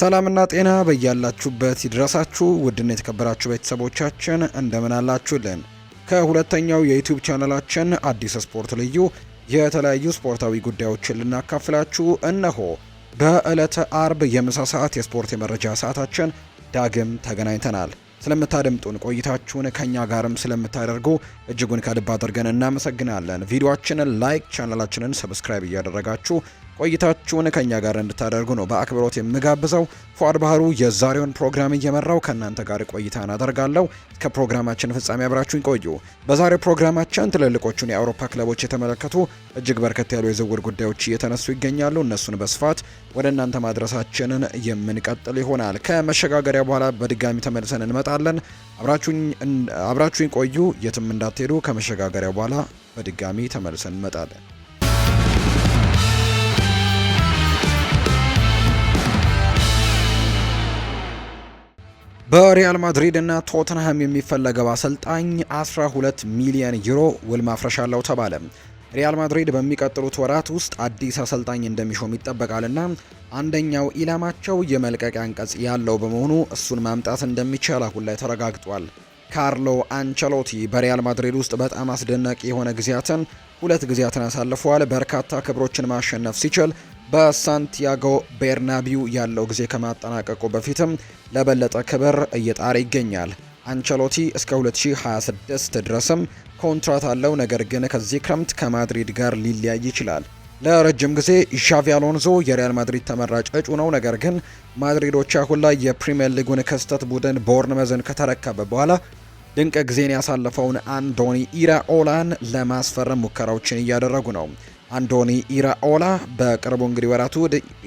ሰላምና ጤና በያላችሁበት ይድረሳችሁ ውድና የተከበራችሁ ቤተሰቦቻችን እንደምን አላችሁልን? ከሁለተኛው የዩቲዩብ ቻናላችን አዲስ ስፖርት ልዩ የተለያዩ ስፖርታዊ ጉዳዮችን ልናካፍላችሁ እነሆ በዕለተ አርብ የምሳ ሰዓት የስፖርት የመረጃ ሰዓታችን ዳግም ተገናኝተናል። ስለምታደምጡን ቆይታችሁን ከእኛ ጋርም ስለምታደርጉ እጅጉን ከልብ አድርገን እናመሰግናለን። ቪዲዮችንን ላይክ፣ ቻናላችንን ሰብስክራይብ እያደረጋችሁ ቆይታችሁን ከእኛ ጋር እንድታደርጉ ነው በአክብሮት የምጋብዘው። ፏድ ባህሩ የዛሬውን ፕሮግራም እየመራው ከእናንተ ጋር ቆይታን አደርጋለሁ። ከፕሮግራማችን ፍጻሜ አብራችሁን ቆዩ። በዛሬው ፕሮግራማችን ትልልቆቹን የአውሮፓ ክለቦች የተመለከቱ እጅግ በርከት ያሉ የዝውውር ጉዳዮች እየተነሱ ይገኛሉ። እነሱን በስፋት ወደ እናንተ ማድረሳችንን የምንቀጥል ይሆናል። ከመሸጋገሪያ በኋላ በድጋሚ ተመልሰን እንመጣለን። አብራችሁኝ ቆዩ፣ የትም እንዳትሄዱ። ከመሸጋገሪያ በኋላ በድጋሚ ተመልሰን እንመጣለን። በሪያል ማድሪድ እና ቶተንሃም የሚፈለገው አሰልጣኝ 12 ሚሊዮን ዩሮ ውል ማፍረሻ አለው ተባለ። ሪያል ማድሪድ በሚቀጥሉት ወራት ውስጥ አዲስ አሰልጣኝ እንደሚሾም ይጠበቃልና አንደኛው ኢላማቸው የመልቀቂያ አንቀጽ ያለው በመሆኑ እሱን ማምጣት እንደሚቻል አሁን ላይ ተረጋግጧል። ካርሎ አንቸሎቲ በሪያል ማድሪድ ውስጥ በጣም አስደናቂ የሆነ ጊዜያትን ሁለት ጊዜያትን አሳልፈዋል። በርካታ ክብሮችን ማሸነፍ ሲችል በሳንቲያጎ ቤርናቢው ያለው ጊዜ ከማጠናቀቁ በፊትም ለበለጠ ክብር እየጣረ ይገኛል። አንቸሎቲ እስከ 2026 ድረስም ኮንትራት አለው፣ ነገር ግን ከዚህ ክረምት ከማድሪድ ጋር ሊለያይ ይችላል። ለረጅም ጊዜ ዣቪ አሎንዞ የሪያል ማድሪድ ተመራጭ እጩ ነው። ነገር ግን ማድሪዶች አሁን ላይ የፕሪምየር ሊጉን ክስተት ቡድን ቦርንመዝን ከተረከበ በኋላ ድንቅ ጊዜን ያሳለፈውን አንዶኒ ኢራኦላን ለማስፈረም ሙከራዎችን እያደረጉ ነው። አንዶኒ ኢራኦላ በቅርቡ እንግዲህ ወራቱ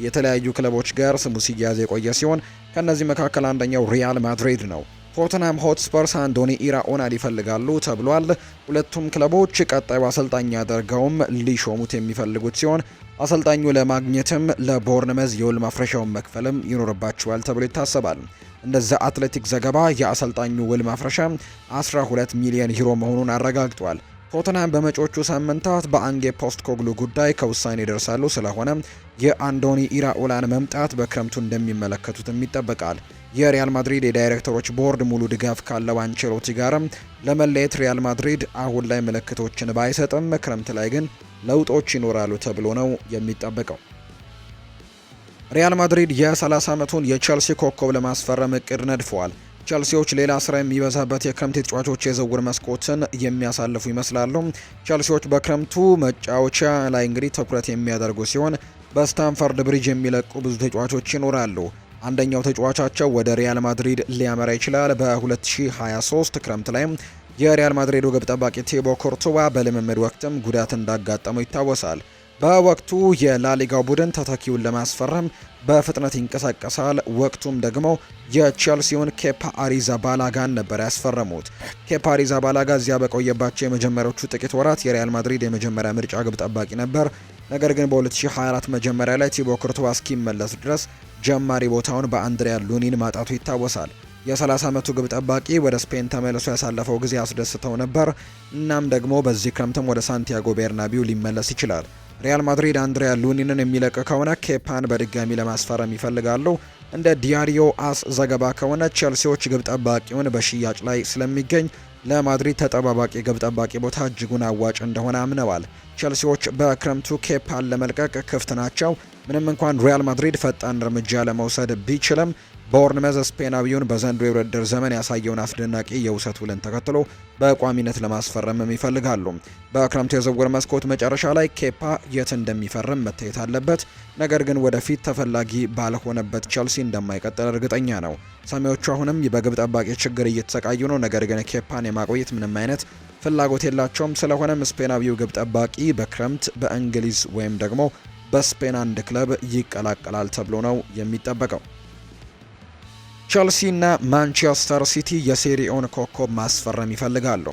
የተለያዩ ክለቦች ጋር ስሙ ሲያያዝ የቆየ ሲሆን ከእነዚህ መካከል አንደኛው ሪያል ማድሪድ ነው። ቶተንሃም ሆትስፐርስ አንዶኒ ኢራኦላን ይፈልጋሉ ተብሏል። ሁለቱም ክለቦች ቀጣዩ አሰልጣኝ አድርገውም ሊሾሙት የሚፈልጉት ሲሆን አሰልጣኙ ለማግኘትም ለቦርንመዝ የውል ማፍረሻውን መክፈልም ይኖርባቸዋል ተብሎ ይታሰባል። እንደዚ አትሌቲክ ዘገባ የአሰልጣኙ ውል ማፍረሻ 12 ሚሊዮን ዩሮ መሆኑን አረጋግጧል። ቶትንሃም በመጪዎቹ ሳምንታት በአንጌ ፖስት ኮግሉ ጉዳይ ከውሳኔ ይደርሳሉ። ስለሆነ የአንዶኒ ኢራኦላን መምጣት በክረምቱ እንደሚመለከቱትም ይጠበቃል። የሪያል ማድሪድ የዳይሬክተሮች ቦርድ ሙሉ ድጋፍ ካለው አንቸሎቲ ጋርም ለመለየት ሪያል ማድሪድ አሁን ላይ ምልክቶችን ባይሰጥም ክረምት ላይ ግን ለውጦች ይኖራሉ ተብሎ ነው የሚጠበቀው። ሪያል ማድሪድ የ30 ዓመቱን የቸልሲ ኮከብ ለማስፈረም እቅድ ነድፈዋል። ቸልሲዎች ሌላ ስራ የሚበዛበት የክረምት ተጫዋቾች የዝውውር መስኮትን የሚያሳልፉ ይመስላሉ። ቸልሲዎች በክረምቱ መጫወቻ ላይ እንግዲህ ትኩረት የሚያደርጉ ሲሆን በስታንፈርድ ብሪጅ የሚለቁ ብዙ ተጫዋቾች ይኖራሉ። አንደኛው ተጫዋቻቸው ወደ ሪያል ማድሪድ ሊያመራ ይችላል። በ2023 ክረምት ላይም የሪያል ማድሪዱ ግብ ጠባቂ ቲቦ ኮርቶባ በልምምድ ወቅትም ጉዳት እንዳጋጠመው ይታወሳል። በወቅቱ የላሊጋው ቡድን ተተኪውን ለማስፈረም በፍጥነት ይንቀሳቀሳል። ወቅቱም ደግሞ የቼልሲውን ኬፓ አሪዛባላጋን ነበር ያስፈረሙት። ኬፓ አሪዛባላጋ እዚያ በቆየባቸው የመጀመሪያዎቹ ጥቂት ወራት የሪያል ማድሪድ የመጀመሪያ ምርጫ ግብ ጠባቂ ነበር። ነገር ግን በ2024 መጀመሪያ ላይ ቲቦ ኩርቱዋ እስኪመለስ ድረስ ጀማሪ ቦታውን በአንድሪያ ሉኒን ማጣቱ ይታወሳል። የ30 ዓመቱ ግብ ጠባቂ ወደ ስፔን ተመልሶ ያሳለፈው ጊዜ አስደስተው ነበር። እናም ደግሞ በዚህ ክረምትም ወደ ሳንቲያጎ ቤርናቢው ሊመለስ ይችላል። ሪያል ማድሪድ አንድሪያ ሉኒንን የሚለቅ ከሆነ ኬፓን በድጋሚ ለማስፈረም ይፈልጋሉ። እንደ ዲያሪዮ አስ ዘገባ ከሆነ ቼልሲዎች ግብ ጠባቂውን በሽያጭ ላይ ስለሚገኝ ለማድሪድ ተጠባባቂ ግብ ጠባቂ ቦታ እጅጉን አዋጭ እንደሆነ አምነዋል። ቼልሲዎች በክረምቱ ኬፓን ለመልቀቅ ክፍት ናቸው። ምንም እንኳን ሪያል ማድሪድ ፈጣን እርምጃ ለመውሰድ ቢችልም ቦርንመዝ ስፔናዊውን በዘንድሮ የውድድር ዘመን ያሳየውን አስደናቂ የውሰት ውልን ተከትሎ በቋሚነት ለማስፈረምም ይፈልጋሉ። በክረምቱ የዝውውር መስኮት መጨረሻ ላይ ኬፓ የት እንደሚፈርም መታየት አለበት። ነገር ግን ወደፊት ተፈላጊ ባልሆነበት ቸልሲ እንደማይቀጥል እርግጠኛ ነው። ሰሜዎቹ አሁንም በግብ ጠባቂ ችግር እየተሰቃዩ ነው። ነገር ግን ኬፓን የማቆየት ምንም አይነት ፍላጎት የላቸውም። ስለሆነም ስፔናዊው ግብ ጠባቂ በክረምት በእንግሊዝ ወይም ደግሞ በስፔን አንድ ክለብ ይቀላቀላል ተብሎ ነው የሚጠበቀው። ቸልሲና ማንቸስተር ሲቲ የሴሪኦን ኮከብ ማስፈረም ይፈልጋሉ።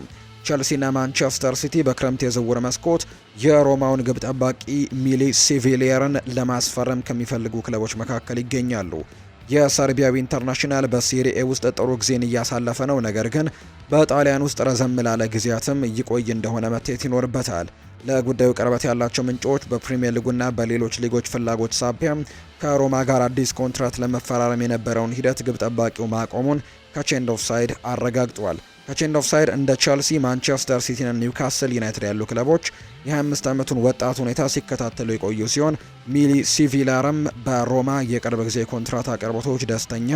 ቸልሲና ማንቸስተር ሲቲ በክረምት የዝውውር መስኮት የሮማውን ግብ ጠባቂ ሚሊ ሲቪሊየርን ለማስፈረም ከሚፈልጉ ክለቦች መካከል ይገኛሉ። የሰርቢያዊ ኢንተርናሽናል በሴሪኤ ውስጥ ጥሩ ጊዜን እያሳለፈ ነው። ነገር ግን በጣሊያን ውስጥ ረዘም ላለ ጊዜያትም ይቆይ እንደሆነ መታየት ይኖርበታል። ለጉዳዩ ቅርበት ያላቸው ምንጮች በፕሪምየር ሊጉና በሌሎች ሊጎች ፍላጎት ሳቢያ ከሮማ ጋር አዲስ ኮንትራት ለመፈራረም የነበረውን ሂደት ግብ ጠባቂው ማቆሙን ከቼንድ ኦፍ ሳይድ አረጋግጧል። ከቼንድ ኦፍ ሳይድ እንደ ቸልሲ፣ ማንቸስተር ሲቲና ኒውካስል ዩናይትድ ያሉ ክለቦች የ25 ዓመቱን ወጣት ሁኔታ ሲከታተሉ የቆዩ ሲሆን ሚሊ ሲቪላርም በሮማ የቅርብ ጊዜ ኮንትራት አቅርቦቶች ደስተኛ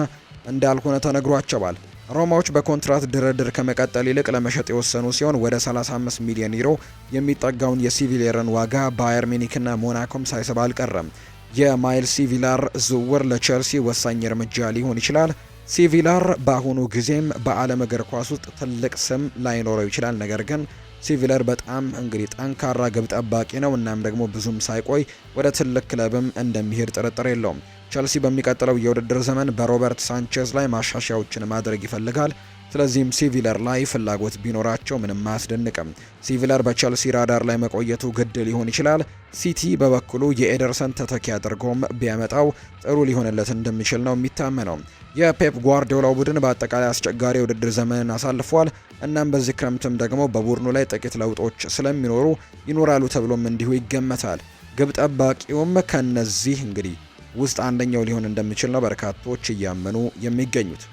እንዳልሆነ ተነግሯቸዋል። ሮማዎች በኮንትራት ድርድር ከመቀጠል ይልቅ ለመሸጥ የወሰኑ ሲሆን ወደ 35 ሚሊዮን ዩሮ የሚጠጋውን የሲቪሌርን ዋጋ ባየር ሚኒክና ሞናኮም ሳይስብ አልቀረም። የማይል ሲቪላር ዝውውር ለቸልሲ ወሳኝ እርምጃ ሊሆን ይችላል። ሲቪላር በአሁኑ ጊዜም በዓለም እግር ኳስ ውስጥ ትልቅ ስም ላይኖረው ይችላል። ነገር ግን ሲቪለር በጣም እንግዲህ ጠንካራ ግብ ጠባቂ ነው። እናም ደግሞ ብዙም ሳይቆይ ወደ ትልቅ ክለብም እንደሚሄድ ጥርጥር የለውም። ቸልሲ በሚቀጥለው የውድድር ዘመን በሮበርት ሳንቼዝ ላይ ማሻሻያዎችን ማድረግ ይፈልጋል። ስለዚህም ሲቪለር ላይ ፍላጎት ቢኖራቸው ምንም አያስደንቅም። ሲቪለር በቸልሲ ራዳር ላይ መቆየቱ ግድ ሊሆን ይችላል። ሲቲ በበኩሉ የኤደርሰን ተተኪ አድርጎም ቢያመጣው ጥሩ ሊሆንለት እንደሚችል ነው የሚታመነው። የፔፕ ጓርዲዮላው ቡድን በአጠቃላይ አስቸጋሪ የውድድር ዘመንን አሳልፏል። እናም በዚህ ክረምትም ደግሞ በቡድኑ ላይ ጥቂት ለውጦች ስለሚኖሩ ይኖራሉ ተብሎም እንዲሁ ይገመታል። ግብ ጠባቂውም ከነዚህ እንግዲህ ውስጥ አንደኛው ሊሆን እንደሚችል ነው በርካቶች እያመኑ የሚገኙት።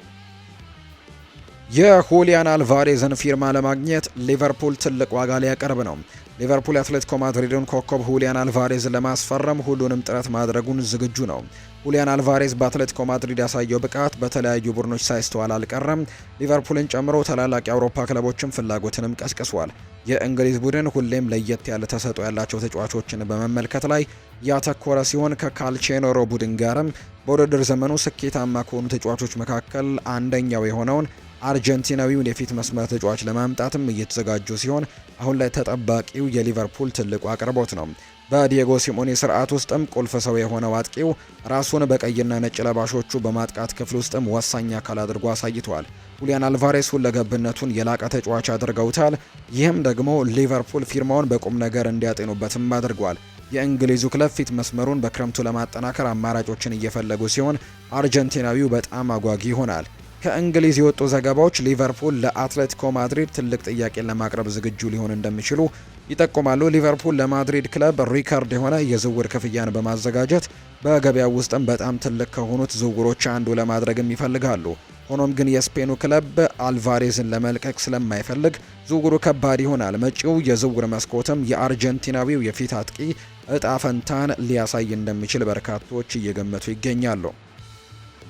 የሁሊያን አልቫሬዝን ፊርማ ለማግኘት ሊቨርፑል ትልቅ ዋጋ ሊያቀርብ ነው። ሊቨርፑል የአትሌቲኮ ማድሪድን ኮከብ ሁሊያን አልቫሬዝ ለማስፈረም ሁሉንም ጥረት ማድረጉን ዝግጁ ነው። ሁሊያን አልቫሬዝ በአትሌቲኮ ማድሪድ ያሳየው ብቃት በተለያዩ ቡድኖች ሳይስተዋል አልቀረም። ሊቨርፑልን ጨምሮ ታላላቅ የአውሮፓ ክለቦችን ፍላጎትንም ቀስቅሷል። የእንግሊዝ ቡድን ሁሌም ለየት ያለ ተሰጥኦ ያላቸው ተጫዋቾችን በመመልከት ላይ ያተኮረ ሲሆን ከካልቼኖሮ ቡድን ጋርም በውድድር ዘመኑ ስኬታማ ከሆኑ ተጫዋቾች መካከል አንደኛው የሆነውን አርጀንቲናዊውን የፊት መስመር ተጫዋች ለማምጣትም እየተዘጋጁ ሲሆን አሁን ላይ ተጠባቂው የሊቨርፑል ትልቁ አቅርቦት ነው። በዲየጎ ሲሞኔ ስርዓት ውስጥም ቁልፍ ሰው የሆነው አጥቂው ራሱን በቀይና ነጭ ለባሾቹ በማጥቃት ክፍል ውስጥም ወሳኝ አካል አድርጎ አሳይቷል። ሁሊያን አልቫሬስ ሁለገብነቱን የላቀ ተጫዋች አድርገውታል። ይህም ደግሞ ሊቨርፑል ፊርማውን በቁም ነገር እንዲያጤኑበትም አድርጓል። የእንግሊዙ ክለብ ፊት መስመሩን በክረምቱ ለማጠናከር አማራጮችን እየፈለጉ ሲሆን፣ አርጀንቲናዊው በጣም አጓጊ ይሆናል። ከእንግሊዝ የወጡ ዘገባዎች ሊቨርፑል ለአትሌቲኮ ማድሪድ ትልቅ ጥያቄን ለማቅረብ ዝግጁ ሊሆን እንደሚችሉ ይጠቁማሉ። ሊቨርፑል ለማድሪድ ክለብ ሪካርድ የሆነ የዝውውር ክፍያን በማዘጋጀት በገበያው ውስጥም በጣም ትልቅ ከሆኑት ዝውውሮች አንዱ ለማድረግም ይፈልጋሉ። ሆኖም ግን የስፔኑ ክለብ አልቫሬዝን ለመልቀቅ ስለማይፈልግ ዝውውሩ ከባድ ይሆናል። መጪው የዝውውር መስኮትም የአርጀንቲናዊው የፊት አጥቂ እጣ ፈንታን ሊያሳይ እንደሚችል በርካቶች እየገመቱ ይገኛሉ።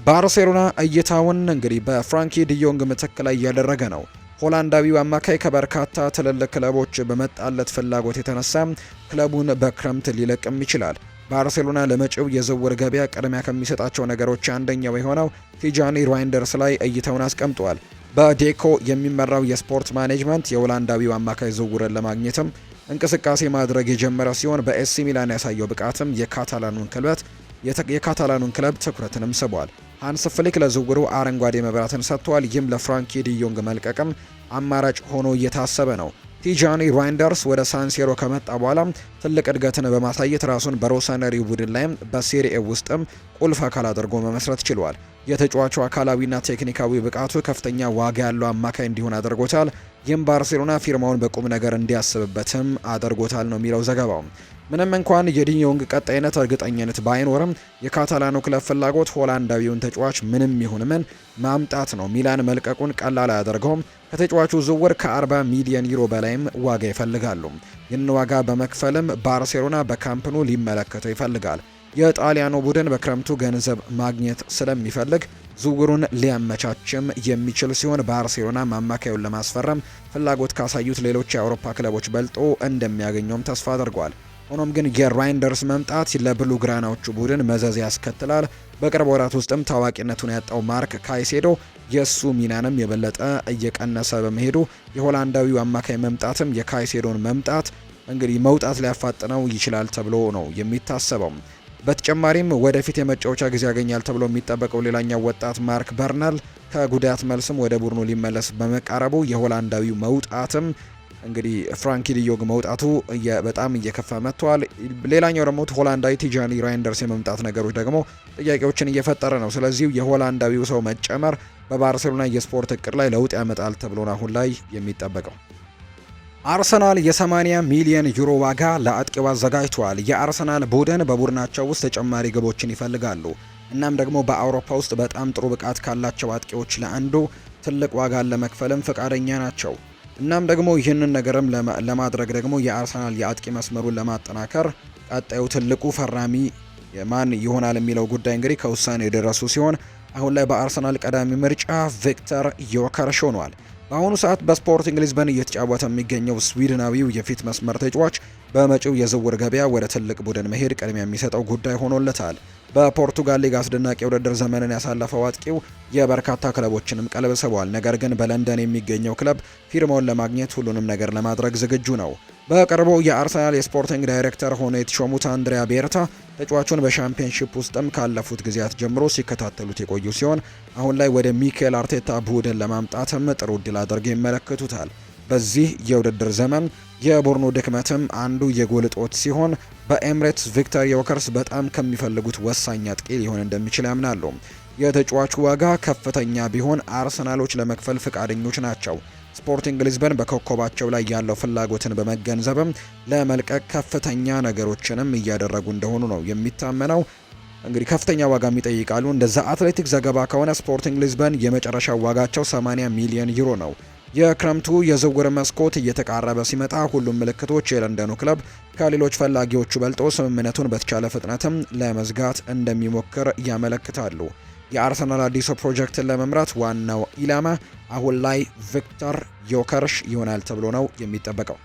ባርሴሎና እይታውን እንግዲህ በፍራንኪ ዲዮንግ ምትክ ላይ እያደረገ ነው። ሆላንዳዊው አማካይ ከበርካታ ትልልቅ ክለቦች በመጣለት ፍላጎት የተነሳ ክለቡን በክረምት ሊለቅም ይችላል። ባርሴሎና ለመጪው የዝውውር ገበያ ቅድሚያ ከሚሰጣቸው ነገሮች አንደኛው የሆነው ቲጃኒ ራይንደርስ ላይ እይታውን አስቀምጧል። በዴኮ የሚመራው የስፖርት ማኔጅመንት የሆላንዳዊው አማካይ ዝውውርን ለማግኘትም እንቅስቃሴ ማድረግ የጀመረ ሲሆን በኤሲ ሚላን ያሳየው ብቃትም የካታላኑን ክለብ የካታላኑን ክለብ ትኩረትንም ስቧል። ሃንስ ፍሊክ ለዝውውሩ አረንጓዴ መብራትን ሰጥቷል። ይህም ለፍራንኪ ዲዮንግ መልቀቅም አማራጭ ሆኖ እየታሰበ ነው። ቲጃኒ ራይንደርስ ወደ ሳንሴሮ ከመጣ በኋላ ትልቅ እድገትን በማሳየት ራሱን በሮሰነሪ ቡድን ላይም በሴሪኤ ውስጥም ቁልፍ አካል አድርጎ መመስረት ችሏል። የተጫዋቹ አካላዊና ቴክኒካዊ ብቃቱ ከፍተኛ ዋጋ ያለው አማካይ እንዲሆን አድርጎታል። ይህም ባርሴሎና ፊርማውን በቁም ነገር እንዲያስብበትም አድርጎታል ነው የሚለው ዘገባው። ምንም እንኳን የዲኞንግ ቀጣይነት እርግጠኝነት ባይኖርም የካታላኑ ክለብ ፍላጎት ሆላንዳዊውን ተጫዋች ምንም ይሁን ምን ማምጣት ነው። ሚላን መልቀቁን ቀላል አያደርገውም። ከተጫዋቹ ዝውውር ከ40 ሚሊዮን ዩሮ በላይም ዋጋ ይፈልጋሉ። ይህን ዋጋ በመክፈልም ባርሴሎና በካምፕኑ ሊመለከተው ይፈልጋል። የጣሊያኑ ቡድን በክረምቱ ገንዘብ ማግኘት ስለሚፈልግ ዝውውሩን ሊያመቻችም የሚችል ሲሆን ባርሴሎና አማካዩን ለማስፈረም ፍላጎት ካሳዩት ሌሎች የአውሮፓ ክለቦች በልጦ እንደሚያገኘውም ተስፋ አድርጓል። ሆኖም ግን የራይንደርስ መምጣት ለብሉ ግራናዎቹ ቡድን መዘዝ ያስከትላል። በቅርብ ወራት ውስጥም ታዋቂነቱን ያጣው ማርክ ካይሴዶ የእሱ ሚናንም የበለጠ እየቀነሰ በመሄዱ የሆላንዳዊው አማካይ መምጣትም የካይሴዶን መምጣት እንግዲህ መውጣት ሊያፋጥነው ይችላል ተብሎ ነው የሚታሰበው። በተጨማሪም ወደፊት የመጫወቻ ጊዜ ያገኛል ተብሎ የሚጠበቀው ሌላኛው ወጣት ማርክ በርናል ከጉዳት መልስም ወደ ቡድኑ ሊመለስ በመቃረቡ የሆላንዳዊው መውጣትም እንግዲህ ፍራንኪ ዲዮግ መውጣቱ በጣም እየከፋ መጥተዋል። ሌላኛው ደግሞ ሆላንዳዊ ቲጃኒ ራይንደርስ የመምጣት ነገሮች ደግሞ ጥያቄዎችን እየፈጠረ ነው። ስለዚህ የሆላንዳዊው ሰው መጨመር በባርሴሎና የስፖርት እቅድ ላይ ለውጥ ያመጣል ተብሎ አሁን ላይ የሚጠበቀው። አርሰናል የ80 ሚሊዮን ዩሮ ዋጋ ለአጥቂው አዘጋጅቷል። የአርሰናል ቡድን በቡድናቸው ውስጥ ተጨማሪ ግቦችን ይፈልጋሉ። እናም ደግሞ በአውሮፓ ውስጥ በጣም ጥሩ ብቃት ካላቸው አጥቂዎች ለአንዱ ትልቅ ዋጋን ለመክፈልም ፈቃደኛ ናቸው። እናም ደግሞ ይህንን ነገርም ለማድረግ ደግሞ የአርሰናል የአጥቂ መስመሩን ለማጠናከር ቀጣዩ ትልቁ ፈራሚ ማን ይሆናል የሚለው ጉዳይ እንግዲህ ከውሳኔ የደረሱ ሲሆን አሁን ላይ በአርሰናል ቀዳሚ ምርጫ ቪክተር ዮከርሽ ሆኗል። በአሁኑ ሰዓት በስፖርቲንግ ሊዝበን እየተጫወተ የሚገኘው ስዊድናዊው የፊት መስመር ተጫዋች በመጪው የዝውውር ገበያ ወደ ትልቅ ቡድን መሄድ ቅድሚያ የሚሰጠው ጉዳይ ሆኖለታል። በፖርቱጋል ሊግ አስደናቂ ውድድር ዘመንን ያሳለፈው አጥቂው የበርካታ ክለቦችንም ቀልብ ስቧል። ነገር ግን በለንደን የሚገኘው ክለብ ፊርማውን ለማግኘት ሁሉንም ነገር ለማድረግ ዝግጁ ነው። በቅርቡ የአርሰናል የስፖርቲንግ ዳይሬክተር ሆነው የተሾሙት አንድሪያ ቤርታ ተጫዋቹን በሻምፒዮንሺፕ ውስጥም ካለፉት ጊዜያት ጀምሮ ሲከታተሉት የቆዩ ሲሆን አሁን ላይ ወደ ሚኬል አርቴታ ቡድን ለማምጣትም ጥሩ እድል አድርገው ይመለከቱታል። በዚህ የውድድር ዘመን የቦርኑ ድክመትም አንዱ የጎል እጦት ሲሆን በኤምሬትስ ቪክተር ዮከርስ በጣም ከሚፈልጉት ወሳኝ አጥቂ ሊሆን እንደሚችል ያምናሉ። የተጫዋቹ ዋጋ ከፍተኛ ቢሆን አርሰናሎች ለመክፈል ፈቃደኞች ናቸው። ስፖርቲንግ ሊዝበን በኮከባቸው ላይ ያለው ፍላጎትን በመገንዘብም ለመልቀቅ ከፍተኛ ነገሮችንም እያደረጉ እንደሆኑ ነው የሚታመነው። እንግዲህ ከፍተኛ ዋጋ የሚጠይቃሉ። እንደዛ አትሌቲክ ዘገባ ከሆነ ስፖርቲንግ ሊዝበን የመጨረሻ ዋጋቸው 80 ሚሊዮን ዩሮ ነው። የክረምቱ የዝውውር መስኮት እየተቃረበ ሲመጣ ሁሉም ምልክቶች የለንደኑ ክለብ ከሌሎች ፈላጊዎቹ በልጦ ስምምነቱን በተቻለ ፍጥነትም ለመዝጋት እንደሚሞክር ያመለክታሉ። የአርሰናል አዲሱ ፕሮጀክትን ለመምራት ዋናው ኢላማ አሁን ላይ ቪክተር ዮከርሽ ይሆናል ተብሎ ነው የሚጠበቀው።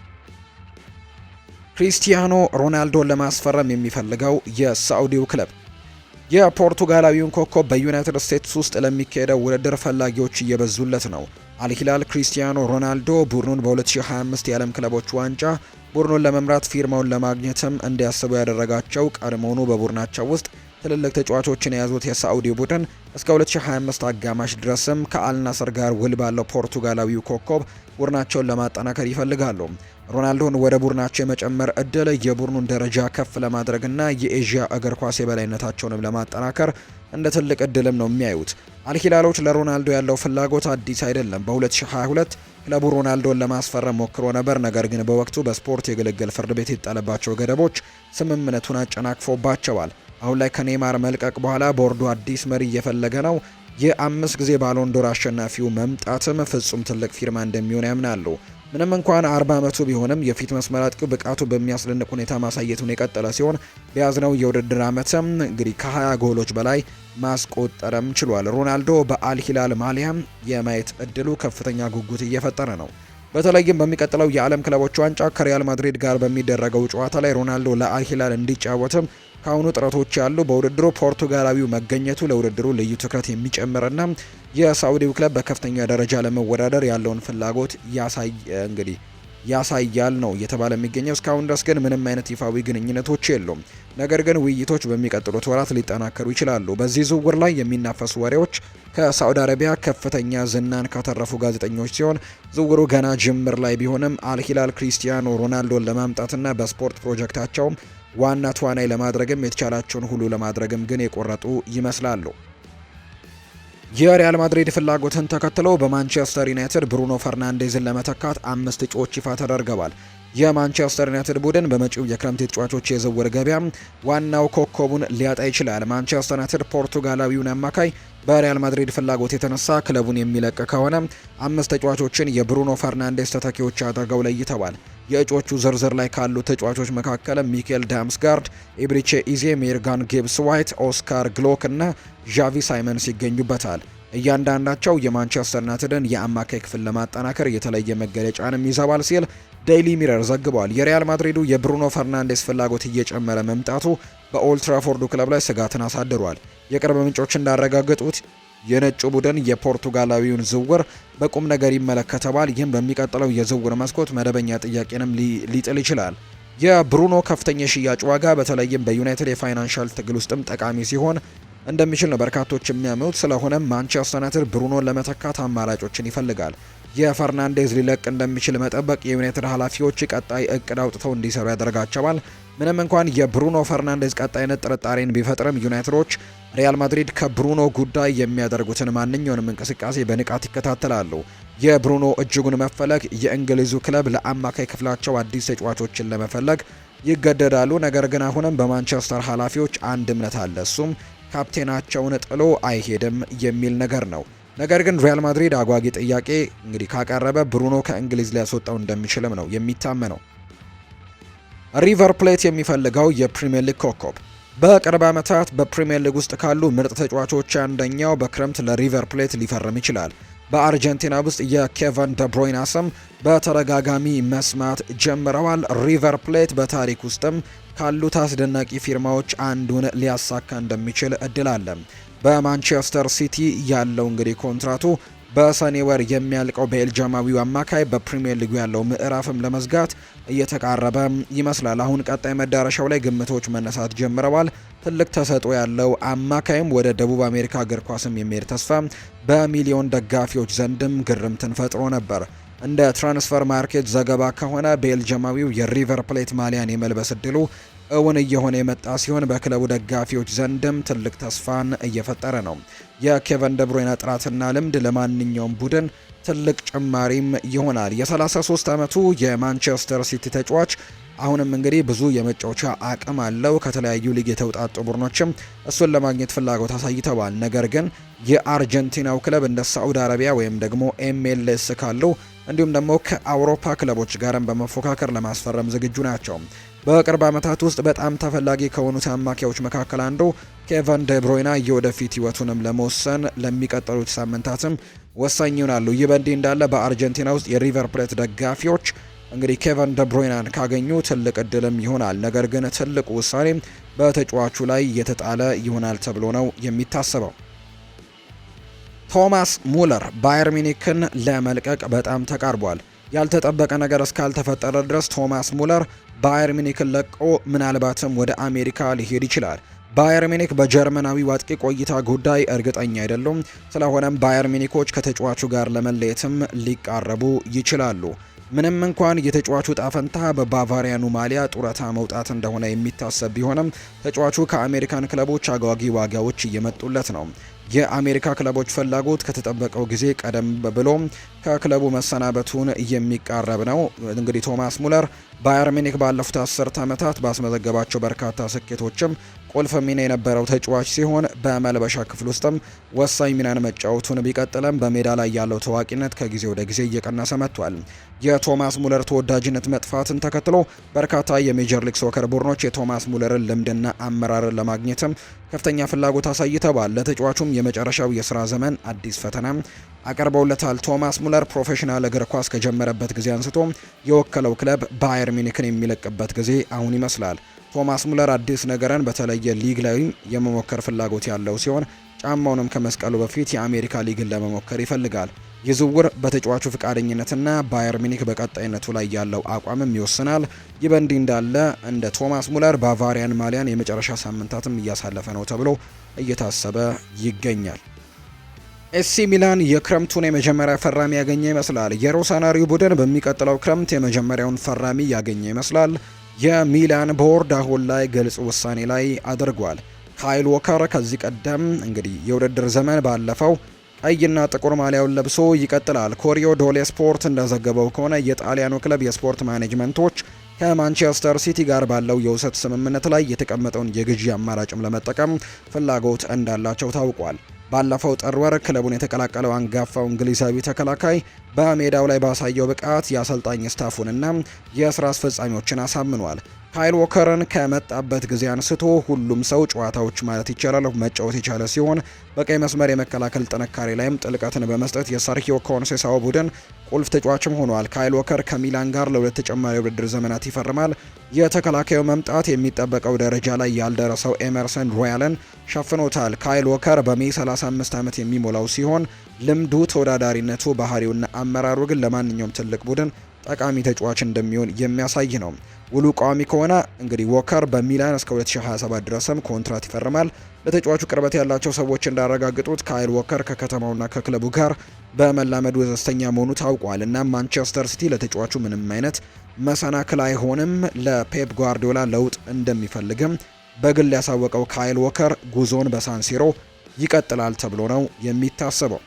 ክሪስቲያኖ ሮናልዶን ለማስፈረም የሚፈልገው የሳዑዲው ክለብ የፖርቱጋላዊውን ኮከብ በዩናይትድ ስቴትስ ውስጥ ለሚካሄደው ውድድር ፈላጊዎች እየበዙለት ነው። አልሂላል ክሪስቲያኖ ሮናልዶ ቡድኑን በ2025 የዓለም ክለቦች ዋንጫ ቡድኑን ለመምራት ፊርማውን ለማግኘትም እንዲያስቡ ያደረጋቸው ቀድሞውኑ በቡድናቸው ውስጥ ትልልቅ ተጫዋቾችን የያዙት የሳዑዲ ቡድን እስከ 2025 አጋማሽ ድረስም ከአልናስር ጋር ውል ባለው ፖርቱጋላዊው ኮከብ ቡድናቸውን ለማጠናከር ይፈልጋሉ። ሮናልዶን ወደ ቡድናቸው የመጨመር እድል የቡድኑን ደረጃ ከፍ ለማድረግና የኤዥያ እግር ኳስ የበላይነታቸውንም ለማጠናከር እንደ ትልቅ እድልም ነው የሚያዩት። አልሂላሎች ለሮናልዶ ያለው ፍላጎት አዲስ አይደለም። በ2022 ክለቡ ሮናልዶን ለማስፈረም ሞክሮ ነበር። ነገር ግን በወቅቱ በስፖርት የግልግል ፍርድ ቤት የጣለባቸው ገደቦች ስምምነቱን አጨናቅፎባቸዋል። አሁን ላይ ከኔይማር መልቀቅ በኋላ ቦርዱ አዲስ መሪ እየፈለገ ነው። የአምስት ጊዜ ባሎንዶር አሸናፊው መምጣትም ፍጹም ትልቅ ፊርማ እንደሚሆን ያምናሉ። ምንም እንኳን አርባ ዓመቱ ቢሆንም የፊት መስመር አጥቂው ብቃቱ በሚያስደንቅ ሁኔታ ማሳየቱን የቀጠለ ሲሆን በያዝነው የውድድር ዓመትም እንግዲህ ከ20 ጎሎች በላይ ማስቆጠረም ችሏል። ሮናልዶ በአልሂላል ማሊያም የማየት እድሉ ከፍተኛ ጉጉት እየፈጠረ ነው። በተለይም በሚቀጥለው የዓለም ክለቦች ዋንጫ ከሪያል ማድሪድ ጋር በሚደረገው ጨዋታ ላይ ሮናልዶ ለአልሂላል እንዲጫወትም ከአሁኑ ጥረቶች ያሉ በውድድሩ ፖርቱጋላዊው መገኘቱ ለውድድሩ ልዩ ትኩረት የሚጨምርና የሳውዲው ክለብ በከፍተኛ ደረጃ ለመወዳደር ያለውን ፍላጎት ያሳይ እንግዲህ ያሳያል ነው እየተባለ የሚገኘው። እስካሁን ድረስ ግን ምንም አይነት ይፋዊ ግንኙነቶች የሉም። ነገር ግን ውይይቶች በሚቀጥሉት ወራት ሊጠናከሩ ይችላሉ። በዚህ ዝውውር ላይ የሚናፈሱ ወሬዎች ከሳዑዲ አረቢያ ከፍተኛ ዝናን ካተረፉ ጋዜጠኞች ሲሆን ዝውውሩ ገና ጅምር ላይ ቢሆንም አልሂላል ክሪስቲያኖ ሮናልዶን ለማምጣትና በስፖርት ፕሮጀክታቸውም ዋና ተዋናይ ለማድረግም የተቻላቸውን ሁሉ ለማድረግም ግን የቆረጡ ይመስላሉ። የሪያል ማድሪድ ፍላጎትን ተከትሎ በማንቸስተር ዩናይትድ ብሩኖ ፈርናንዴዝን ለመተካት አምስት እጩዎች ይፋ ተደርገዋል። የማንቸስተር ዩናይትድ ቡድን በመጪው የክረምት ተጫዋቾች የዝውውር ገበያ ዋናው ኮከቡን ሊያጣ ይችላል። ማንቸስተር ዩናይትድ ፖርቱጋላዊውን አማካይ በሪያል ማድሪድ ፍላጎት የተነሳ ክለቡን የሚለቅ ከሆነ አምስት ተጫዋቾችን የብሩኖ ፈርናንዴስ ተተኪዎች አድርገው ለይተዋል። የእጮቹ ዝርዝር ላይ ካሉ ተጫዋቾች መካከል ሚኬል ዳምስጋርድ፣ ኢብሪቼ ኢዜ፣ ሜርጋን ጌብስ ዋይት፣ ኦስካር ግሎክ እና ዣቪ ሳይመንስ ይገኙበታል። እያንዳንዳቸው የማንቸስተር ዩናይትድን የአማካይ ክፍል ለማጠናከር የተለየ መገለጫንም ይዘዋል ሲል ዴይሊ ሚረር ዘግቧል። የሪያል ማድሪዱ የብሩኖ ፈርናንዴስ ፍላጎት እየጨመረ መምጣቱ በኦልትራፎርዱ ክለብ ላይ ስጋትን አሳድሯል። የቅርብ ምንጮች እንዳረጋገጡት የነጩ ቡድን የፖርቱጋላዊውን ዝውውር በቁም ነገር ይመለከተዋል። ይህም በሚቀጥለው የዝውውር መስኮት መደበኛ ጥያቄንም ሊጥል ይችላል። የብሩኖ ከፍተኛ የሽያጭ ዋጋ በተለይም በዩናይትድ የፋይናንሻል ትግል ውስጥም ጠቃሚ ሲሆን እንደሚችል ነው በርካቶች የሚያምኑት። ስለሆነም ማንቸስተር ዩናይትድ ብሩኖን ለመተካት አማራጮችን ይፈልጋል። የፈርናንዴዝ ሊለቅ እንደሚችል መጠበቅ የዩናይትድ ኃላፊዎች ቀጣይ እቅድ አውጥተው እንዲሰሩ ያደርጋቸዋል። ምንም እንኳን የብሩኖ ፈርናንዴዝ ቀጣይነት ጥርጣሬን ቢፈጥርም ዩናይትዶች ሪያል ማድሪድ ከብሩኖ ጉዳይ የሚያደርጉትን ማንኛውንም እንቅስቃሴ በንቃት ይከታተላሉ። የብሩኖ እጅጉን መፈለግ የእንግሊዙ ክለብ ለአማካይ ክፍላቸው አዲስ ተጫዋቾችን ለመፈለግ ይገደዳሉ። ነገር ግን አሁንም በማንቸስተር ኃላፊዎች አንድ እምነት አለ፣ እሱም ካፕቴናቸውን ጥሎ አይሄድም የሚል ነገር ነው። ነገር ግን ሪያል ማድሪድ አጓጊ ጥያቄ እንግዲህ ካቀረበ ብሩኖ ከእንግሊዝ ሊያስወጣው እንደሚችልም ነው የሚታመነው። ሪቨር ፕሌት የሚፈልገው የፕሪምየር ሊግ ኮከብ በቅርብ ዓመታት በፕሪምየር ሊግ ውስጥ ካሉ ምርጥ ተጫዋቾች አንደኛው በክረምት ለሪቨር ፕሌት ሊፈርም ይችላል። በአርጀንቲና ውስጥ የኬቨን ደብሮይና ስም በተደጋጋሚ መስማት ጀምረዋል። ሪቨር ፕሌት በታሪክ ውስጥም ካሉት አስደናቂ ፊርማዎች አንዱን ሊያሳካ እንደሚችል እድል አለ። በማንቸስተር ሲቲ ያለው እንግዲህ ኮንትራቱ በሰኔ ወር የሚያልቀው ቤልጅማዊው አማካይ በፕሪምየር ሊጉ ያለው ምዕራፍም ለመዝጋት እየተቃረበ ይመስላል። አሁን ቀጣይ መዳረሻው ላይ ግምቶች መነሳት ጀምረዋል። ትልቅ ተሰጥኦ ያለው አማካይም ወደ ደቡብ አሜሪካ እግር ኳስም የሚሄድ ተስፋ በሚሊዮን ደጋፊዎች ዘንድም ግርምትን ፈጥሮ ነበር። እንደ ትራንስፈር ማርኬት ዘገባ ከሆነ ቤልጅማዊው የሪቨር ፕሌት ማሊያን የመልበስ እድሉ እውን እየሆነ የመጣ ሲሆን በክለቡ ደጋፊዎች ዘንድም ትልቅ ተስፋን እየፈጠረ ነው። የኬቨን ደብሮይና ጥራትና ልምድ ለማንኛውም ቡድን ትልቅ ጭማሪም ይሆናል። የ33 ዓመቱ የማንቸስተር ሲቲ ተጫዋች አሁንም እንግዲህ ብዙ የመጫወቻ አቅም አለው። ከተለያዩ ሊግ የተውጣጡ ቡድኖችም እሱን ለማግኘት ፍላጎት አሳይተዋል። ነገር ግን የአርጀንቲናው ክለብ እንደ ሳዑዲ አረቢያ ወይም ደግሞ ኤምኤልኤስ ካሉ እንዲሁም ደግሞ ከአውሮፓ ክለቦች ጋርም በመፎካከር ለማስፈረም ዝግጁ ናቸው። በቅርብ ዓመታት ውስጥ በጣም ተፈላጊ ከሆኑት አማካዮች መካከል አንዱ ኬቨን ደብሮይና የወደፊት ህይወቱንም ለመወሰን ለሚቀጥሉት ሳምንታትም ወሳኝ ይሆናሉ። ይህ በእንዲህ እንዳለ በአርጀንቲና ውስጥ የሪቨር ፕሌት ደጋፊዎች እንግዲህ ኬቨን ደብሮይናን ካገኙ ትልቅ እድልም ይሆናል። ነገር ግን ትልቁ ውሳኔ በተጫዋቹ ላይ የተጣለ ይሆናል ተብሎ ነው የሚታሰበው። ቶማስ ሙለር ባየር ሚኒክን ለመልቀቅ በጣም ተቃርቧል። ያልተጠበቀ ነገር እስካልተፈጠረ ድረስ ቶማስ ሙለር ባየር ሚኒክን ለቆ ምናልባትም ወደ አሜሪካ ሊሄድ ይችላል። ባየር ሚኒክ በጀርመናዊ አጥቂ ቆይታ ጉዳይ እርግጠኛ አይደሉም። ስለሆነም ባየር ሚኒኮች ከተጫዋቹ ጋር ለመለየትም ሊቃረቡ ይችላሉ። ምንም እንኳን የተጫዋቹ ጣፈንታ በባቫሪያኑ ማሊያ ጡረታ መውጣት እንደሆነ የሚታሰብ ቢሆንም ተጫዋቹ ከአሜሪካን ክለቦች አጓጊ ዋጋዎች እየመጡለት ነው። የአሜሪካ ክለቦች ፍላጎት ከተጠበቀው ጊዜ ቀደም ብሎ ከክለቡ መሰናበቱን የሚቃረብ ነው። እንግዲህ ቶማስ ሙለር ባየር ሚኒክ ባለፉት አስርት ዓመታት ባስመዘገባቸው በርካታ ስኬቶችም ቁልፍ ሚና የነበረው ተጫዋች ሲሆን በመልበሻ ክፍል ውስጥም ወሳኝ ሚናን መጫወቱን ቢቀጥልም በሜዳ ላይ ያለው ታዋቂነት ከጊዜ ወደ ጊዜ እየቀነሰ መጥቷል። የቶማስ ሙለር ተወዳጅነት መጥፋትን ተከትሎ በርካታ የሜጀር ሊግ ሶከር ቡድኖች የቶማስ ሙለርን ልምድና አመራርን ለማግኘትም ከፍተኛ ፍላጎት አሳይተዋል። ለተጫዋቹም የመጨረሻው የስራ ዘመን አዲስ ፈተና አቀርበውለታል። ቶማስ ሙለር ፕሮፌሽናል እግር ኳስ ከጀመረበት ጊዜ አንስቶ የወከለው ክለብ ባየር ሚኒክን የሚለቅበት ጊዜ አሁን ይመስላል። ቶማስ ሙለር አዲስ ነገርን በተለየ ሊግ ላይ የመሞከር ፍላጎት ያለው ሲሆን ጫማውንም ከመስቀሉ በፊት የአሜሪካ ሊግን ለመሞከር ይፈልጋል። ይዝውር በተጫዋቹ ፍቃደኝነትና ባየር ሚኒክ በቀጣይነቱ ላይ ያለው አቋምም ይወስናል። ይህ በእንዲህ እንዳለ እንደ ቶማስ ሙለር ባቫሪያን ማሊያን የመጨረሻ ሳምንታትም እያሳለፈ ነው ተብሎ እየታሰበ ይገኛል። ኤሲ ሚላን የክረምቱን የመጀመሪያ ፈራሚ ያገኘ ይመስላል። የሮሳናሪው ቡድን በሚቀጥለው ክረምት የመጀመሪያውን ፈራሚ ያገኘ ይመስላል። የሚላን ቦርድ አሁን ላይ ግልጽ ውሳኔ ላይ አድርጓል። ካይል ወከር ከዚህ ቀደም እንግዲህ የውድድር ዘመን ባለፈው ቀይና ጥቁር ማሊያውን ለብሶ ይቀጥላል። ኮሪዮ ዶሌ ስፖርት እንደዘገበው ከሆነ የጣሊያኑ ክለብ የስፖርት ማኔጅመንቶች ከማንቸስተር ሲቲ ጋር ባለው የውሰት ስምምነት ላይ የተቀመጠውን የግዢ አማራጭም ለመጠቀም ፍላጎት እንዳላቸው ታውቋል። ባለፈው ጥር ወር ክለቡን የተቀላቀለው አንጋፋው እንግሊዛዊ ተከላካይ በሜዳው ላይ ባሳየው ብቃት የአሰልጣኝ ስታፉንና የስራ አስፈጻሚዎችን አሳምኗል። ካይል ዎከርን ከመጣበት ጊዜ አንስቶ ሁሉም ሰው ጨዋታዎች ማለት ይቻላል መጫወት የቻለ ሲሆን በቀይ መስመር የመከላከል ጥንካሬ ላይም ጥልቀትን በመስጠት የሳርኪዮ ኮንሴሳዎ ቡድን ቁልፍ ተጫዋችም ሆኗል። ካይል ዎከር ከሚላን ጋር ለሁለት ተጨማሪ ውድድር ዘመናት ይፈርማል። የተከላካዩ መምጣት የሚጠበቀው ደረጃ ላይ ያልደረሰው ኤመርሰን ሮያልን ሸፍኖታል። ካይል ዎከር በሜ 35 ዓመት የሚሞላው ሲሆን ልምዱ፣ ተወዳዳሪነቱ፣ ባህሪውና አመራሩ ግን ለማንኛውም ትልቅ ቡድን ጠቃሚ ተጫዋች እንደሚሆን የሚያሳይ ነው። ውሉ ቋሚ ከሆነ እንግዲህ ዎከር በሚላን እስከ 2027 ድረስም ኮንትራት ይፈርማል። ለተጫዋቹ ቅርበት ያላቸው ሰዎች እንዳረጋግጡት ካይል ዎከር ከከተማውና ከክለቡ ጋር በመላመዱ ደስተኛ መሆኑ ታውቋል እና ማንቸስተር ሲቲ ለተጫዋቹ ምንም አይነት መሰናክል አይሆንም። ለፔፕ ጓርዲዮላ ለውጥ እንደሚፈልግም በግል ያሳወቀው ካይል ዎከር ጉዞን በሳንሲሮ ይቀጥላል ተብሎ ነው የሚታሰበው።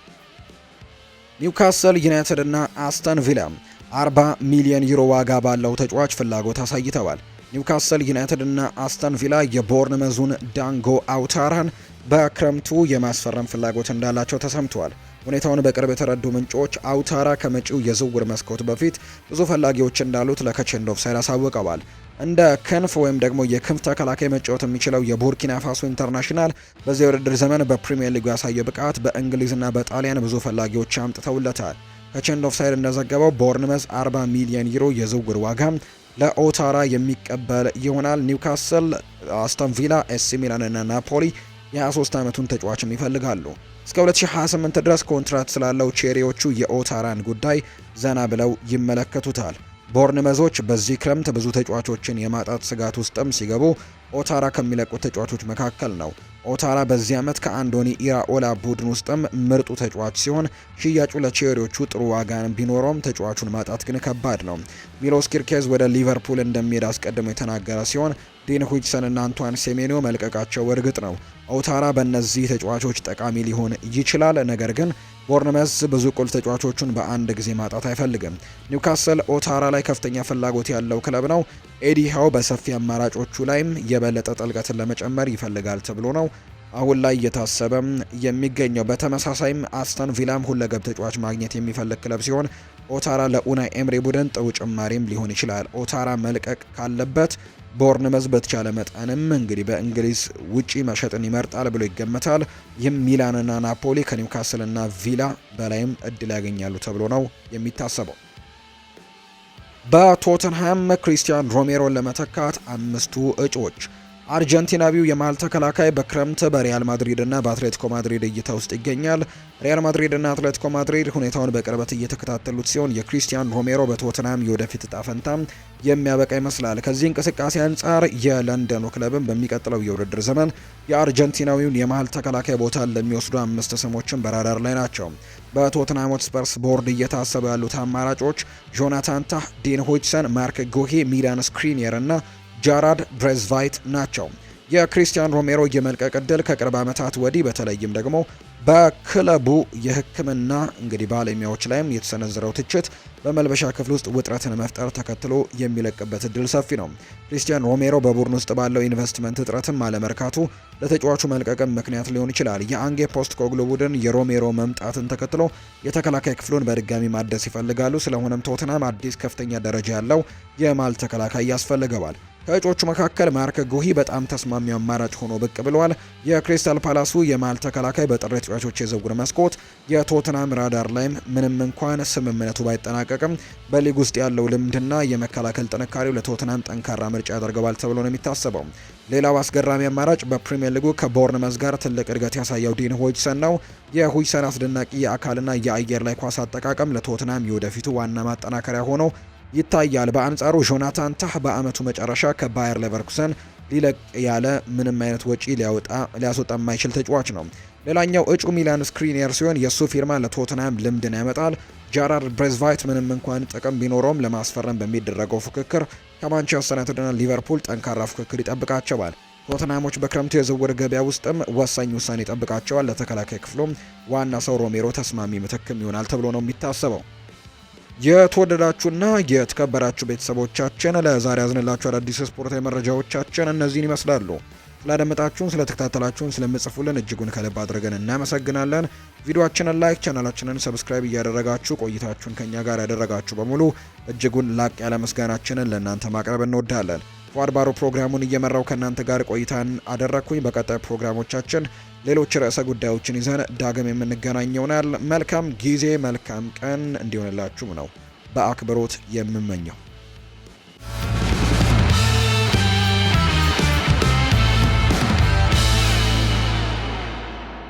ኒውካስል ዩናይትድ እና አስተን ቪላም 40 ሚሊዮን ዩሮ ዋጋ ባለው ተጫዋች ፍላጎት አሳይተዋል። ኒውካስል ዩናይትድ እና አስተን ቪላ የቦርንመዙን ዳንጎ አውታራን በክረምቱ የማስፈረም ፍላጎት እንዳላቸው ተሰምተዋል። ሁኔታውን በቅርብ የተረዱ ምንጮች አውታራ ከመጪው የዝውውር መስኮት በፊት ብዙ ፈላጊዎች እንዳሉት ለከቼንዶቭ ሳይል አሳውቀዋል። እንደ ክንፍ ወይም ደግሞ የክንፍ ተከላካይ መጫወት የሚችለው የቡርኪና ፋሶ ኢንተርናሽናል በዚህ የውድድር ዘመን በፕሪምየር ሊጉ ያሳየው ብቃት በእንግሊዝና በጣሊያን ብዙ ፈላጊዎች አምጥተውለታል። ከቼንድ ኦፍ ሳይድ እንደዘገበው ቦርንመስ 40 ሚሊዮን ዩሮ የዝውውር ዋጋ ለኦታራ የሚቀበል ይሆናል። ኒውካስል፣ አስተን ቪላ፣ ኤሲ ሚላን እና ናፖሊ የ23 ዓመቱን ተጫዋችም ይፈልጋሉ። እስከ 2028 ድረስ ኮንትራት ስላለው ቼሪዎቹ የኦታራን ጉዳይ ዘና ብለው ይመለከቱታል። ቦርንመዞች በዚህ ክረምት ብዙ ተጫዋቾችን የማጣት ስጋት ውስጥም ሲገቡ ኦታራ ከሚለቁት ተጫዋቾች መካከል ነው። ኦታራ በዚህ ዓመት ከአንዶኒ ኢራኦላ ቡድን ውስጥም ምርጡ ተጫዋች ሲሆን ሽያጩ ለቼሪዎቹ ጥሩ ዋጋን ቢኖረውም ተጫዋቹን ማጣት ግን ከባድ ነው። ሚሎስ ኪርኬዝ ወደ ሊቨርፑል እንደሚሄድ አስቀድሞ የተናገረ ሲሆን ዲን ሁጅሰን እና አንቷን ሴሜኒዮ መልቀቃቸው እርግጥ ነው። ኦታራ በእነዚህ ተጫዋቾች ጠቃሚ ሊሆን ይችላል፣ ነገር ግን ቦርንመስ ብዙ ቁልፍ ተጫዋቾቹን በአንድ ጊዜ ማጣት አይፈልግም። ኒውካስል ኦታራ ላይ ከፍተኛ ፍላጎት ያለው ክለብ ነው። ኤዲ ሃው በሰፊ አማራጮቹ ላይም የበለጠ ጥልቀትን ለመጨመር ይፈልጋል ተብሎ ነው አሁን ላይ እየታሰበ የሚገኘው። በተመሳሳይም አስተን ቪላም ሁለገብ ተጫዋች ማግኘት የሚፈልግ ክለብ ሲሆን ኦታራ ለኡናይ ኤምሪ ቡድን ጥሩ ጭማሪም ሊሆን ይችላል። ኦታራ መልቀቅ ካለበት ቦርንመዝ በተቻለ መጠንም እንግዲህ በእንግሊዝ ውጪ መሸጥን ይመርጣል ብሎ ይገመታል። ይህም ሚላንና ናፖሊ ከኒውካስልና ቪላ በላይም እድል ያገኛሉ ተብሎ ነው የሚታሰበው። በቶተንሃም ክሪስቲያን ሮሜሮን ለመተካት አምስቱ እጩዎች አርጀንቲናዊው የመሀል ተከላካይ በክረምት በሪያል ማድሪድና በአትሌቲኮ ማድሪድ እይታ ውስጥ ይገኛል። ሪያል ማድሪድና አትሌቲኮ ማድሪድ ሁኔታውን በቅርበት እየተከታተሉት ሲሆን የክሪስቲያን ሮሜሮ በቶትናም የወደፊት እጣ ፈንታ የሚያበቃ ይመስላል። ከዚህ እንቅስቃሴ አንጻር የለንደኑ ክለብን በሚቀጥለው የውድድር ዘመን የአርጀንቲናዊውን የመሀል ተከላካይ ቦታን ለሚወስዱ አምስት ስሞችን በራዳር ላይ ናቸው። በቶትናም ሆትስፐርስ ቦርድ እየታሰቡ ያሉት አማራጮች ጆናታን ታህ፣ ዲን ሆጅሰን፣ ማርክ ጎሄ፣ ሚላን ስክሪኒየር እና ጃራድ ብሬዝቫይት ናቸው። የክሪስቲያን ሮሜሮ የመልቀቅ እድል ከቅርብ ዓመታት ወዲህ በተለይም ደግሞ በክለቡ የሕክምና እንግዲህ ባለሙያዎች ላይም የተሰነዘረው ትችት በመልበሻ ክፍል ውስጥ ውጥረትን መፍጠር ተከትሎ የሚለቅበት እድል ሰፊ ነው። ክሪስቲያን ሮሜሮ በቡድን ውስጥ ባለው ኢንቨስትመንት እጥረትም አለመርካቱ ለተጫዋቹ መልቀቅም ምክንያት ሊሆን ይችላል። የአንጌ ፖስት ኮግሎ ቡድን የሮሜሮ መምጣትን ተከትሎ የተከላካይ ክፍሉን በድጋሚ ማደስ ይፈልጋሉ። ስለሆነም ቶትናም አዲስ ከፍተኛ ደረጃ ያለው የማል ተከላካይ ያስፈልገዋል። ከእጩዎቹ መካከል ማርክ ጉሂ በጣም ተስማሚ አማራጭ ሆኖ ብቅ ብለዋል። የክሪስታል ፓላሱ የማል ተከላካይ በጥር ተጫዋቾች የዝውውር መስኮት የቶትናም ራዳር ላይም ምንም እንኳን ስምምነቱ ባይጠናቀቅም በሊግ ውስጥ ያለው ልምድና የመከላከል ጥንካሬው ለቶትናም ጠንካራ ምርጫ ያደርገዋል ተብሎ ነው የሚታሰበው። ሌላው አስገራሚ አማራጭ በፕሪምየር ሊጉ ከቦርንመዝ ጋር ትልቅ እድገት ያሳየው ዲን ሆጅሰን ነው። የሁጅሰን አስደናቂ የአካልና የአየር ላይ ኳስ አጠቃቀም ለቶትናም የወደፊቱ ዋና ማጠናከሪያ ሆኖ ይታያል። በአንጻሩ ጆናታን ታህ በአመቱ መጨረሻ ከባየር ሌቨርኩሰን ሊለቅ ያለ ምንም አይነት ወጪ ሊያወጣ ሊያስወጣ የማይችል ተጫዋች ነው። ሌላኛው እጩ ሚላን ስክሪኒየር ሲሆን የእሱ ፊርማ ለቶትናም ልምድን ያመጣል። ጃራርድ ብሬዝቫይት ምንም እንኳን ጥቅም ቢኖረውም ለማስፈረም በሚደረገው ፉክክር ከማንቸስተር ዩናይትድና ሊቨርፑል ጠንካራ ፉክክር ይጠብቃቸዋል። ቶትናሞች በክረምቱ የዝውውር ገበያ ውስጥም ወሳኝ ውሳኔ ይጠብቃቸዋል። ለተከላካይ ክፍሉም ዋና ሰው ሮሜሮ ተስማሚ ምትክም ይሆናል ተብሎ ነው የሚታሰበው። የተወደዳችሁና የተከበራችሁ ቤተሰቦቻችን ለዛሬ ያዝንላችሁ አዳዲስ ስፖርታዊ መረጃዎቻችን እነዚህን ይመስላሉ። ስላደመጣችሁን፣ ስለተከታተላችሁን፣ ስለምጽፉልን እጅጉን ከልብ አድርገን እናመሰግናለን። ቪዲዮችንን ላይክ፣ ቻናላችንን ሰብስክራይብ እያደረጋችሁ ቆይታችሁን ከኛ ጋር ያደረጋችሁ በሙሉ እጅጉን ላቅ ያለ ምስጋናችንን ለእናንተ ማቅረብ እንወዳለን። ፏድባሮ ፕሮግራሙን እየመራው ከእናንተ ጋር ቆይታን አደረግኩኝ። በቀጣይ ፕሮግራሞቻችን ሌሎች ርዕሰ ጉዳዮችን ይዘን ዳግም የምንገናኘውናል። መልካም ጊዜ፣ መልካም ቀን እንዲሆንላችሁም ነው በአክብሮት የምመኘው።